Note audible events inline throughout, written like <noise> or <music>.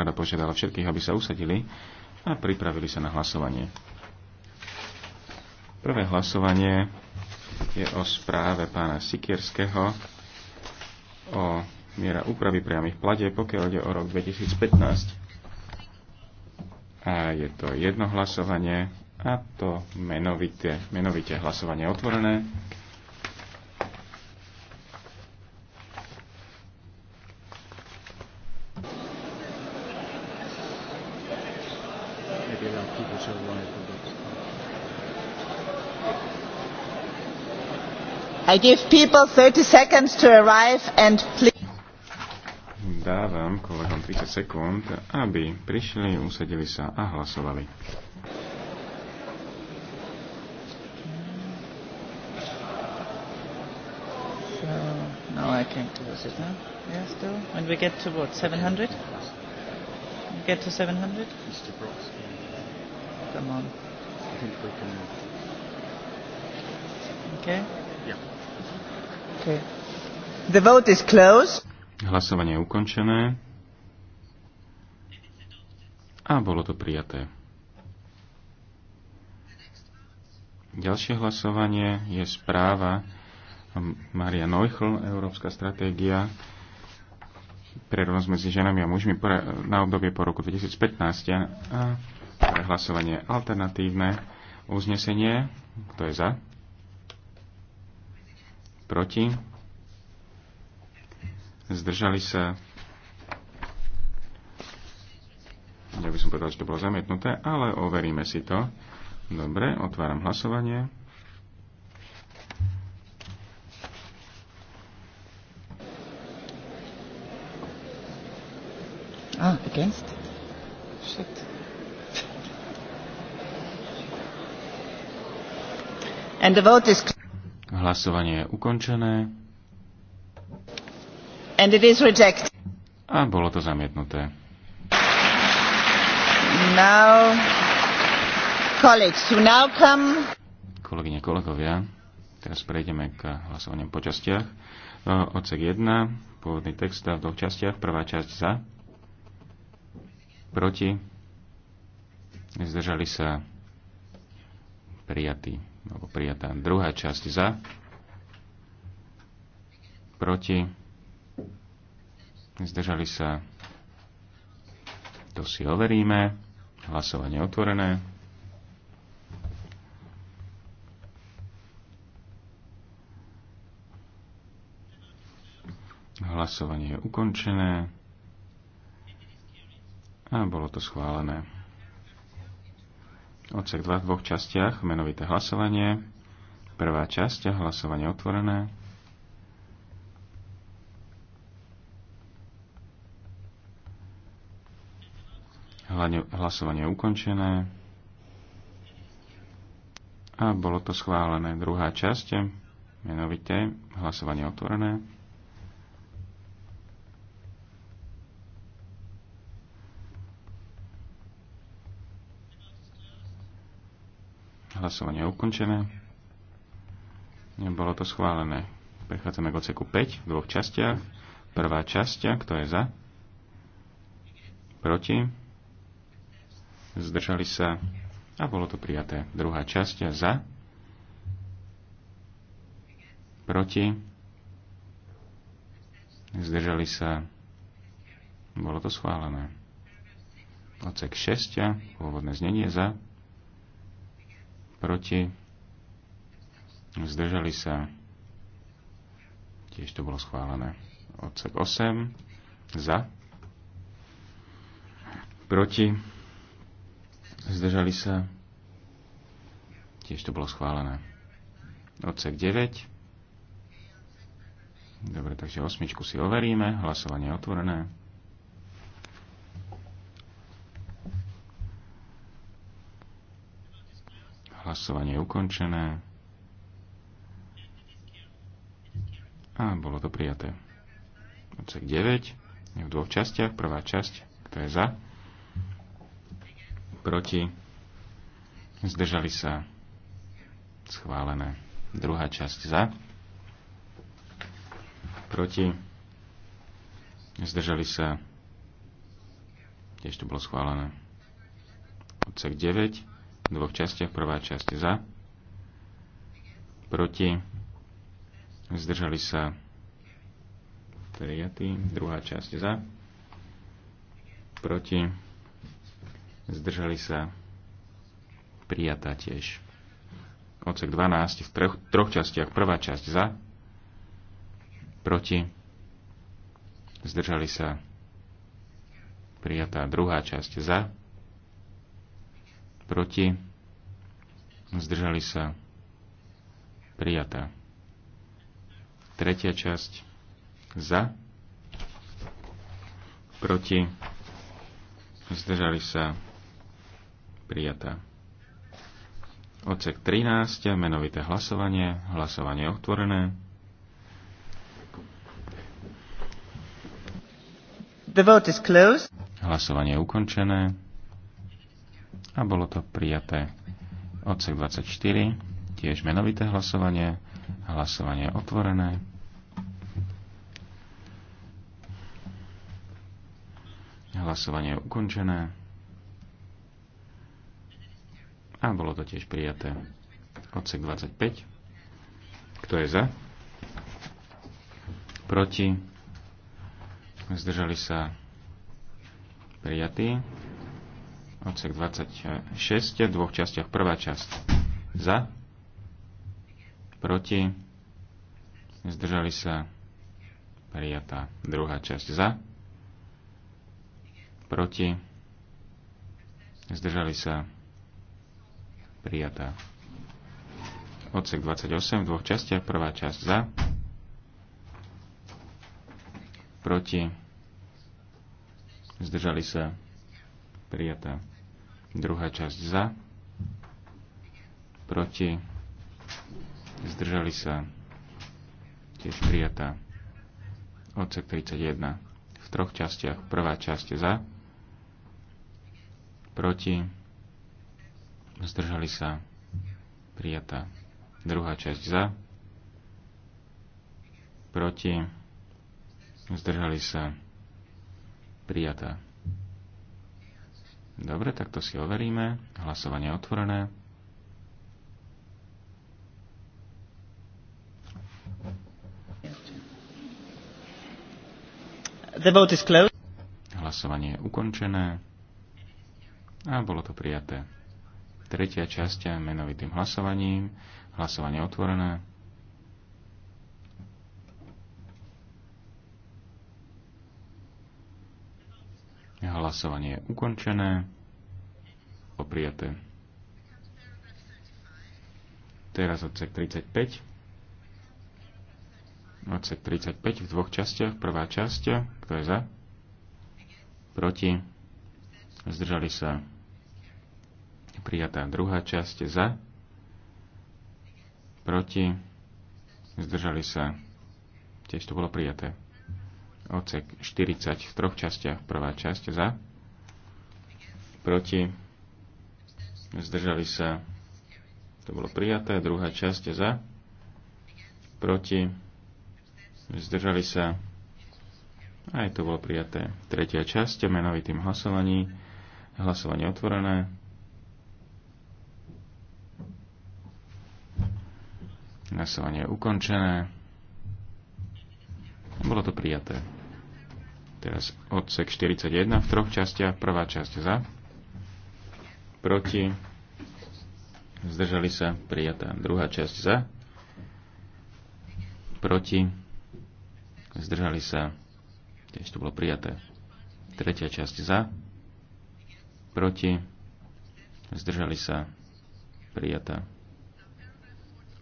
Rada požiadala všetkých, aby sa usadili a pripravili sa na hlasovanie. Prvé hlasovanie je o správe pána Sikierského o miera úpravy priamých plade, pokiaľ ide o rok 2015. A je to jedno hlasovanie a to menovité, menovite hlasovanie otvorené. Dávam kolegom 30 sekúnd, aby prišli, usadili sa a hlasovali. now I came to this, no? Yeah, still? When we get to what, 700? We get to 700? Mr. Brooks. Come on. I think we can... Okay. The vote is closed. Hlasovanie je ukončené. A bolo to prijaté. Ďalšie hlasovanie je správa Maria Neuchl, Európska stratégia pre rovnosť medzi ženami a mužmi na obdobie po roku 2015 a hlasovanie alternatívne uznesenie. Kto je za? proti, zdržali sa, ja by som povedal, že to bolo zamietnuté, ale overíme si to. Dobre, otváram hlasovanie. Ah, against? Shit. And the vote is Clear. Hlasovanie je ukončené. And it is rejected. A bolo to zamietnuté. Now, colleagues, you now come... Kolegyne, kolegovia, teraz prejdeme k hlasovaniu po častiach. E, odsek 1, pôvodný text v dvoch častiach. Prvá časť za, proti, zdržali sa prijatí alebo prijatá druhá časť za, proti, zdržali sa, to si overíme, hlasovanie otvorené. Hlasovanie je ukončené a bolo to schválené odsek 2 v dvoch častiach, menovité hlasovanie. Prvá časť, hlasovanie otvorené. Hlasovanie ukončené. A bolo to schválené. Druhá časť, menovité hlasovanie otvorené. Hlasovanie je ukončené. Nebolo to schválené. Prechádzame k oceku 5 v dvoch častiach. Prvá časť, kto je za? Proti? Zdržali sa a bolo to prijaté. Druhá časť za? Proti? Zdržali sa. Bolo to schválené. Ocek 6, pôvodné znenie za proti, zdržali sa, tiež to bolo schválené. Odsek 8, za, proti, zdržali sa, tiež to bolo schválené. Odsek 9, dobre, takže osmičku si overíme, hlasovanie je otvorené. Hlasovanie je ukončené. A bolo to prijaté. Odsek 9 je v dvoch častiach. Prvá časť, kto je za, proti, zdržali sa, schválené. Druhá časť za, proti, zdržali sa, tiež to bolo schválené. Odsek 9, dvoch častiach. Prvá časť za, proti, zdržali sa prijatí. Druhá časť za, proti, zdržali sa prijatá tiež. Odsek 12 v troch, troch častiach. Prvá časť za, proti, zdržali sa prijatá druhá časť za, proti, zdržali sa, prijatá. Tretia časť, za, proti, zdržali sa, prijatá. Ocek 13, menovité hlasovanie, hlasovanie otvorené. The vote is closed. Hlasovanie je ukončené a bolo to prijaté. Odsek 24, tiež menovité hlasovanie, hlasovanie je otvorené. Hlasovanie je ukončené. A bolo to tiež prijaté. Odsek 25. Kto je za? Proti? Zdržali sa prijatí odsek 26 v dvoch častiach. Prvá časť za, proti, zdržali sa, prijatá. Druhá časť za, proti, zdržali sa, prijatá. Odsek 28 v dvoch častiach. Prvá časť za, proti, zdržali sa, prijatá prijatá. Druhá časť za, proti, zdržali sa, tiež prijatá. Odsek 31. V troch častiach. Prvá časť za, proti, zdržali sa, prijatá. Druhá časť za, proti, zdržali sa, prijatá Dobre, tak to si overíme. Hlasovanie otvorené. The vote is closed. Hlasovanie je ukončené a bolo to prijaté. Tretia časť menovitým hlasovaním. Hlasovanie otvorené. Hlasovanie je ukončené. Oprijaté. Teraz odsek 35. Odsek 35 v dvoch častiach. Prvá časť, kto je za? Proti. Zdržali sa. Prijatá druhá časť za. Proti. Zdržali sa. Tiež to bolo prijaté. Ocek 40 v troch častiach. Prvá časť za, proti, zdržali sa, to bolo prijaté. Druhá časť za, proti, zdržali sa, aj to bolo prijaté. Tretia časť, menovitým hlasovaní, hlasovanie otvorené. Hlasovanie je ukončené. Bolo to prijaté. Teraz odsek 41 v troch častiach. Prvá časť za, proti, zdržali sa, prijatá. Druhá časť za, proti, zdržali sa, tiež to bolo prijaté. Tretia časť za, proti, zdržali sa, prijatá.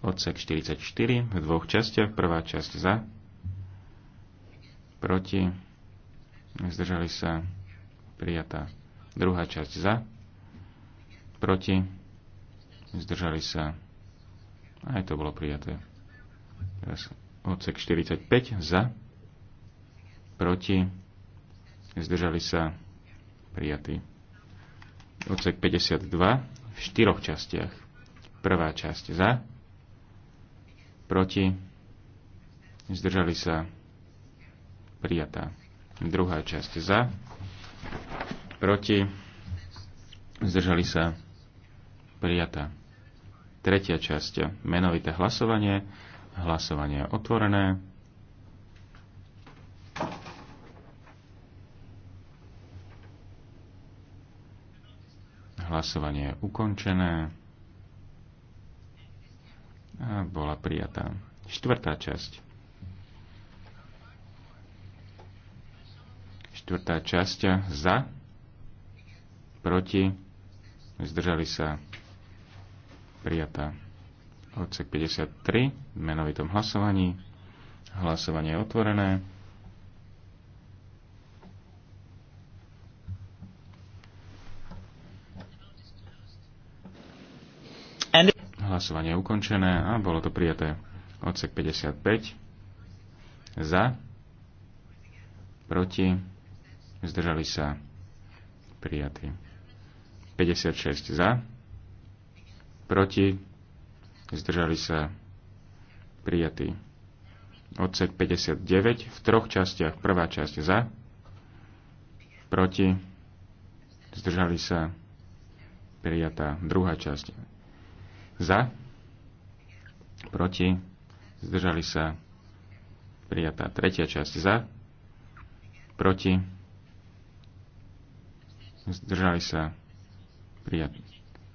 Odsek 44 v dvoch častiach. Prvá časť za, proti, zdržali sa prijatá druhá časť za, proti, zdržali sa, aj to bolo prijaté. Teraz odsek 45 za, proti, zdržali sa, prijatý. Odsek 52 v štyroch častiach. Prvá časť za, proti, zdržali sa, prijatá Druhá časť za, proti, zdržali sa, prijatá. Tretia časť, menovité hlasovanie, hlasovanie je otvorené. Hlasovanie je ukončené. A bola prijatá. Štvrtá časť. Štvrtá časť za, proti, zdržali sa prijatá. Odsek 53 v menovitom hlasovaní. Hlasovanie je otvorené. Hlasovanie je ukončené a bolo to prijaté. Odsek 55 za, proti, zdržali sa prijatí. 56 za, proti, zdržali sa prijatí. Odsek 59 v troch častiach. Prvá časť za, proti, zdržali sa prijatá. Druhá časť za, proti, zdržali sa prijatá. Tretia časť za, proti, zdržali sa prijať.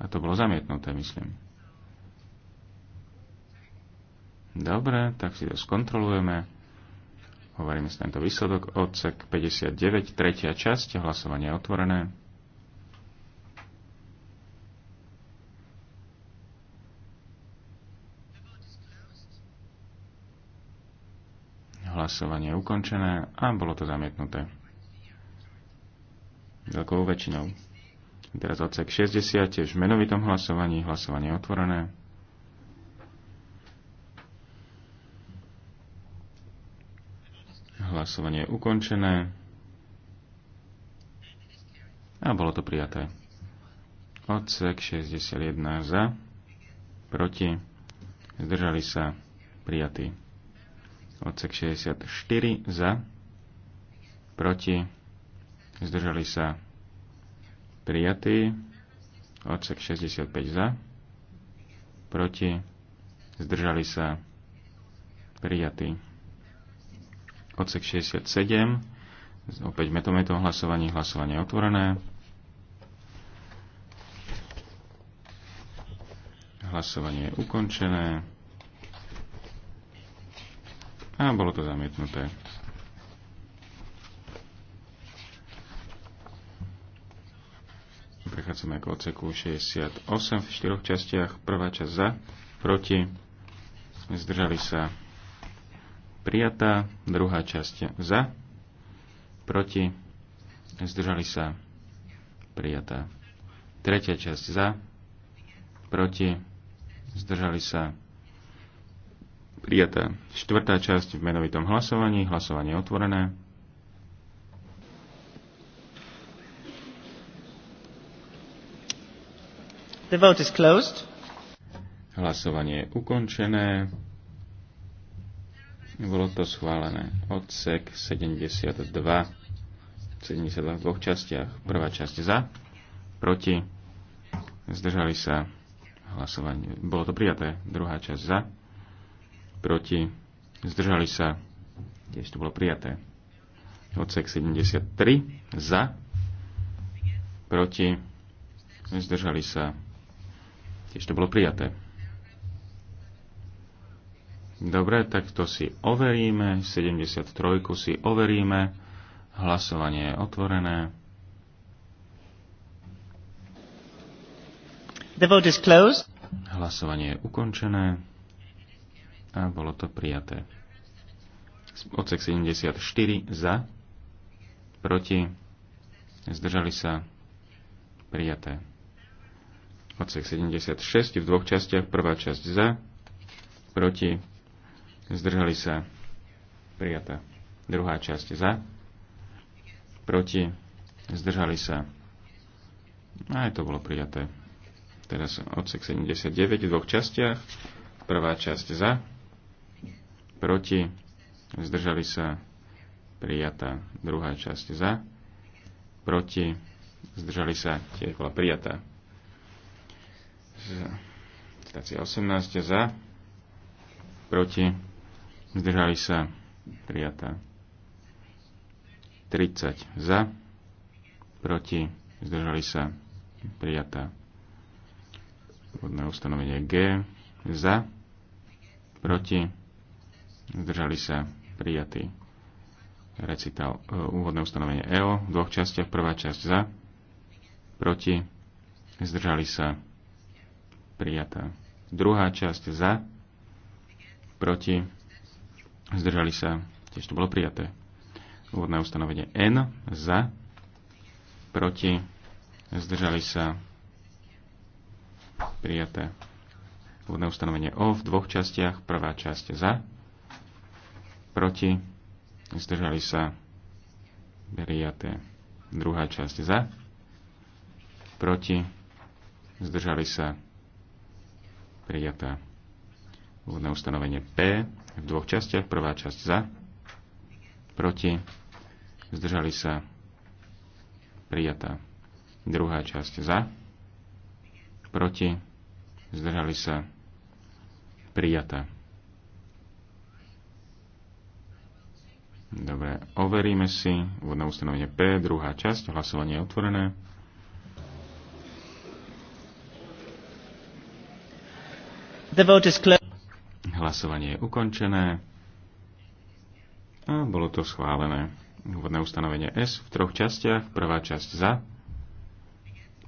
A to bolo zamietnuté, myslím. Dobre, tak si to skontrolujeme. Hovoríme si tento výsledok. Odsek 59, tretia časť, hlasovanie je otvorené. Hlasovanie je ukončené a bolo to zamietnuté veľkou väčšinou. Teraz odsek 60, tiež v menovitom hlasovaní, hlasovanie je otvorené. Hlasovanie je ukončené. A bolo to prijaté. Odsek 61 za, proti, zdržali sa, prijatý. Odsek 64 za, proti, zdržali sa prijatí, odsek 65 za, proti, zdržali sa prijatí. Odsek 67, opäť metometom hlasovanie, hlasovanie otvorené. Hlasovanie je ukončené. A bolo to zamietnuté. prechádzame k odseku 68 v štyroch častiach. Prvá časť za, proti, zdržali sa prijatá. Druhá časť za, proti, zdržali sa prijatá. Tretia časť za, proti, zdržali sa prijatá. Štvrtá časť v menovitom hlasovaní, hlasovanie otvorené. The vote is closed. Hlasovanie je ukončené. Bolo to schválené. Odsek 72. 72 v dvoch častiach. Prvá časť za, proti, zdržali sa hlasovanie. Bolo to prijaté. Druhá časť za, proti, zdržali sa, tiež to bolo prijaté. Odsek 73 za, proti, zdržali sa Tiež to bolo prijaté. Dobre, tak to si overíme. 73 si overíme. Hlasovanie je otvorené. The vote is closed. Hlasovanie je ukončené a bolo to prijaté. Odsek 74 za, proti, zdržali sa, prijaté odsek 76 v dvoch častiach. Prvá časť za, proti, zdržali sa, prijatá. Druhá časť za, proti, zdržali sa. Aj to bolo prijaté. Teraz odsek 79 v dvoch častiach. Prvá časť za, proti, zdržali sa, prijatá. Druhá časť za, proti, zdržali sa, tiež bola prijatá. Stácia 18 za, proti, zdržali sa, prijatá. 30 za, proti, zdržali sa, prijatá. Vodné ustanovenie G, za, proti, zdržali sa, prijatý. Recital e, úvodné ustanovenie EO v dvoch častiach. Prvá časť za, proti, zdržali sa, prijatá prijatá. Druhá časť za, proti, zdržali sa, tiež to bolo prijaté. Úvodné ustanovenie N za, proti, zdržali sa, prijaté. Úvodné ustanovenie O v dvoch častiach, prvá časť za, proti, zdržali sa, prijaté. Druhá časť za, proti, zdržali sa, prijatá Úvodné ustanovenie P v dvoch častiach. Prvá časť za, proti, zdržali sa, prijatá. Druhá časť za, proti, zdržali sa, prijatá. Dobre, overíme si úvodné ustanovenie P, druhá časť, hlasovanie je otvorené. The vote is closed. Hlasovanie je ukončené. A bolo to schválené. Úvodné ustanovenie S v troch častiach. Prvá časť za,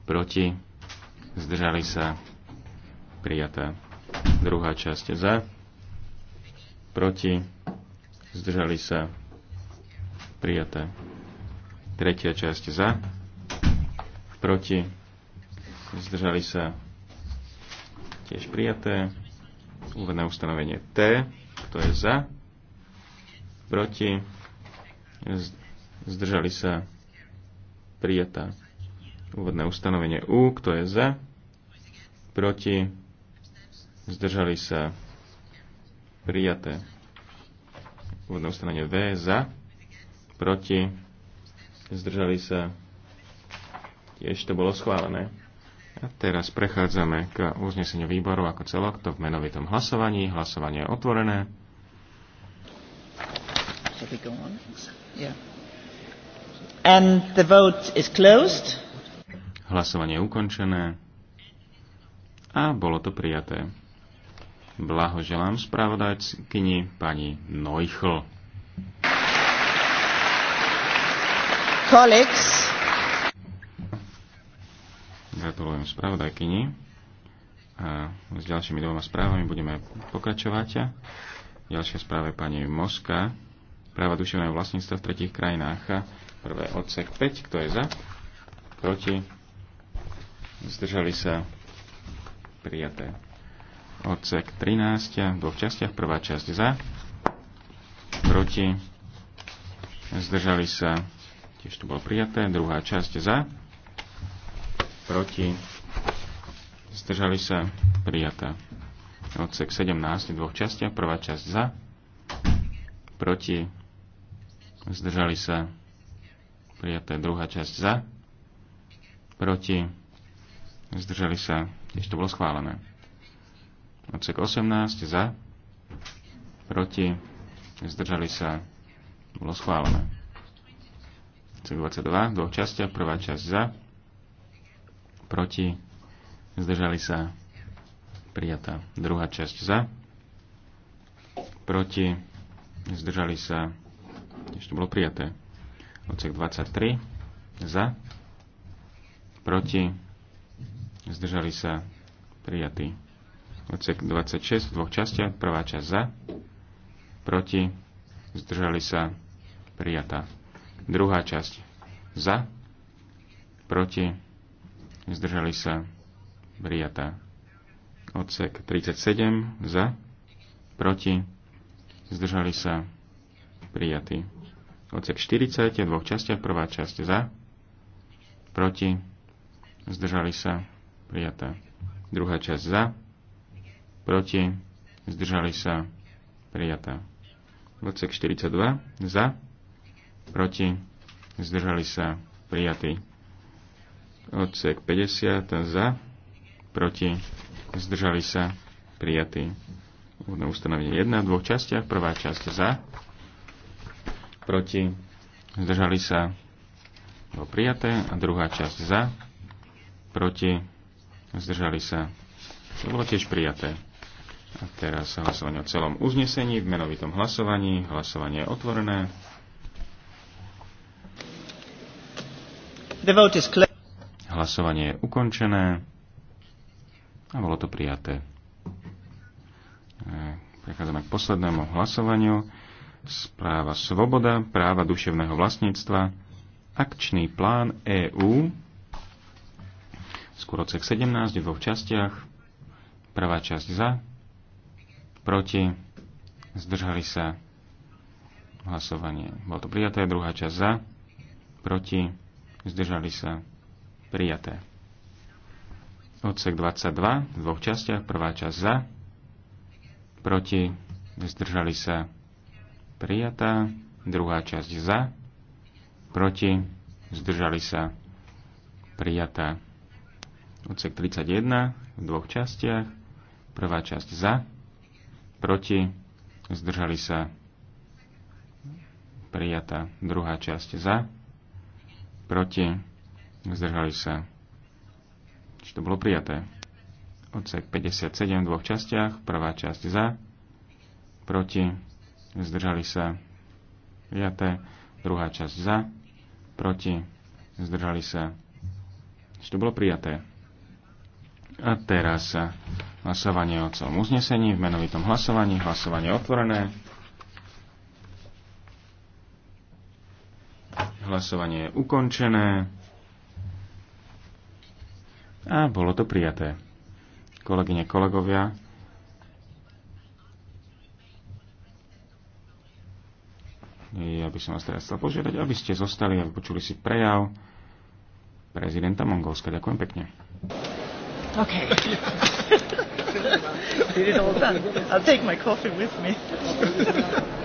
proti, zdržali sa, prijatá, Druhá časť za, proti, zdržali sa, prijaté. Tretia časť za, proti, zdržali sa, tiež prijaté. Úvodné ustanovenie T, kto je za, proti, zdržali sa, prijatá. Úvodné ustanovenie U, kto je za, proti, zdržali sa, prijaté. Úvodné ustanovenie V, za, proti, zdržali sa, tiež to bolo schválené. A teraz prechádzame k uzneseniu výboru ako celok, to v menovitom hlasovaní. Hlasovanie je otvorené. Hlasovanie je ukončené. A bolo to prijaté. Blahoželám spravodajkyni pani Neuchl. Colleagues, Gratulujem spravodajkyni. A s ďalšími dvoma správami budeme pokračovať. Ďalšia správa je pani Moska. Práva duševného vlastníctva v tretich krajinách. Prvé odsek 5. Kto je za? Proti? Zdržali sa? Prijaté. Odsek 13. V dvoch častiach. Prvá časť za. Proti? Zdržali sa? Tiež to bolo prijaté. Druhá časť za proti, zdržali sa prijatá. Odsek 17 dvoch častiach, prvá časť za, proti, zdržali sa prijaté druhá časť za, proti, zdržali sa, tiež to bolo schválené. Odsek 18 za, proti, zdržali sa, bolo schválené. Odsek 22 dvoch častiach, prvá časť za, proti, zdržali sa, prijatá. Druhá časť za, proti, zdržali sa, ešte bolo prijaté. Odsek 23, za, proti, zdržali sa, prijatý. Odsek 26 v dvoch častiach, prvá časť za, proti, zdržali sa, prijatá. Druhá časť za, proti, zdržali sa prijatá. Odsek 37 za, proti, zdržali sa prijatí. Odsek 40 v dvoch častiach, prvá časť za, proti, zdržali sa prijatá. Druhá časť za, proti, zdržali sa prijatá. Odsek 42 za, proti, zdržali sa prijatí odsek 50 za, proti, zdržali sa, prijatý. Úvodné ustanovenie 1 v dvoch častiach. Prvá časť za, proti, zdržali sa, bolo prijaté. A druhá časť za, proti, zdržali sa, to bolo tiež prijaté. A teraz hlasovanie o celom uznesení v menovitom hlasovaní. Hlasovanie je otvorené. The vote is Hlasovanie je ukončené a bolo to prijaté. E, prechádzame k poslednému hlasovaniu. Správa Svoboda, práva duševného vlastníctva, akčný plán EÚ, skôr odsek 17 v dvoch častiach. Prvá časť za, proti, zdržali sa hlasovanie. Bolo to prijaté, druhá časť za, proti, zdržali sa Prijaté. Odsek 22 v dvoch častiach. Prvá časť za. Proti. Zdržali sa. Prijatá. Druhá časť za. Proti. Zdržali sa. Prijatá. Odsek 31 v dvoch častiach. Prvá časť za. Proti. Zdržali sa. Prijatá. Druhá časť za. Proti zdržali sa. Či to bolo prijaté. Odsek 57 v dvoch častiach, prvá časť za, proti, zdržali sa, prijaté, druhá časť za, proti, zdržali sa, či to bolo prijaté. A teraz hlasovanie o celom uznesení v menovitom hlasovaní, hlasovanie otvorené. Hlasovanie je ukončené a bolo to prijaté. Kolegyne, kolegovia, ja by som vás teraz chcel požiadať, aby ste zostali a vypočuli si prejav prezidenta Mongolska. Ďakujem pekne. Okay. Did <laughs> it all done. I'll take my coffee with me. <laughs>